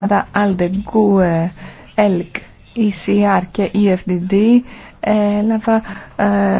ομάδα ALDE, GUE, ELK, ECR και EFDD έλαβα ε,